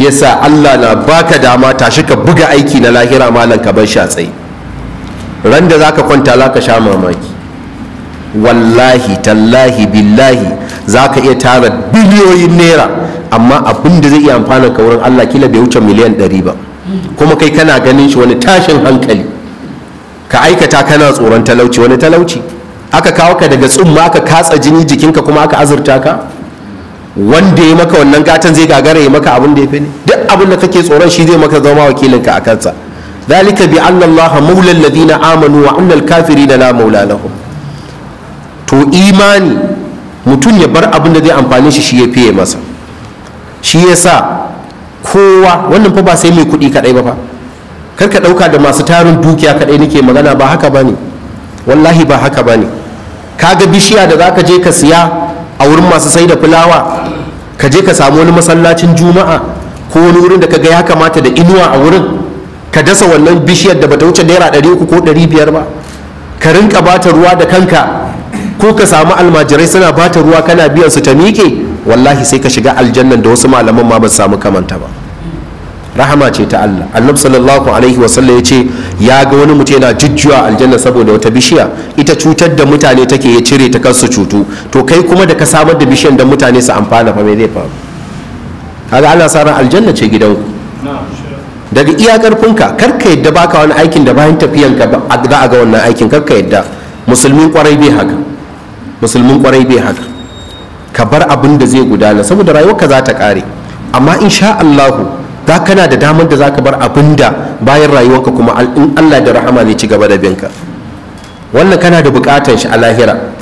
shi yasa Allah na baka dama tashi ka buga aiki na lahira malam ka bar shatsai ran da zaka kwanta zaka sha mamaki wallahi tallahi billahi zaka iya tara biliyoyin naira amma abin da zai iya amfana ka wurin Allah kila bai wuce miliyan ɗari ba kuma kai kana ganin shi wani tashin hankali ka aikata kana tsoron talauci wani talauci aka kawo ka daga tsumma aka katsa jini jikinka kuma aka azurta ka wanda ya maka wannan gatan zai gagara ya maka abin da ya fi ne duk abin da kake tsoron shi zai maka zama wakilinka a kansa ذلك بأن الله مولى amanu wa وأن kafiri da na لهم to imani mutum ya bar abin da zai amfani shi shi ya fiye masa shi ya sa kowa wannan fa ba sai mai kuɗi kaɗai ba fa kar ka ɗauka da masu tarin dukiya kaɗai nake magana ba haka ba ne wallahi ba haka ba ne kaga bishiya da za ka je ka siya a wurin masu sai da fulawa ka je ka samu wani masallacin juma'a ko wani wurin da ka ga ya kamata da inuwa a wurin ka dasa wannan bishiyar da bata wuce naira ɗari uku ko ɗari biyar ba ka rinka bata ruwa da kanka ko ka samu almajirai suna bata ruwa kana biyan su ta miƙe wallahi sai ka shiga aljannan da wasu malaman ma ba su samu kamanta ba rahama ce ta Allah annabi sallallahu alaihi wasallam ya ce ya ga wani mutum yana jujjuwa aljanna saboda wata bishiya ita cutar da mutane take ya cire ta kansu cutu to kai kuma da ka samar da bishiyan da mutane su amfana fa me zai faru kaga ana sa ran aljanna ce gidanku daga iya karfinka kar ka yadda baka wani aikin da bayan tafiyan ka za a ga wannan aikin kar ka yadda musulmin kwarai bai haka musulmin kwarai bai haka ka bar abin da zai gudana saboda rayuwarka za ta kare amma insha Allahu Ka kana da damar da zaka bar abin da bayan rayuwarka kuma in Allah da rahama zai ci gaba da binka wannan kana da bukatan shi a lahira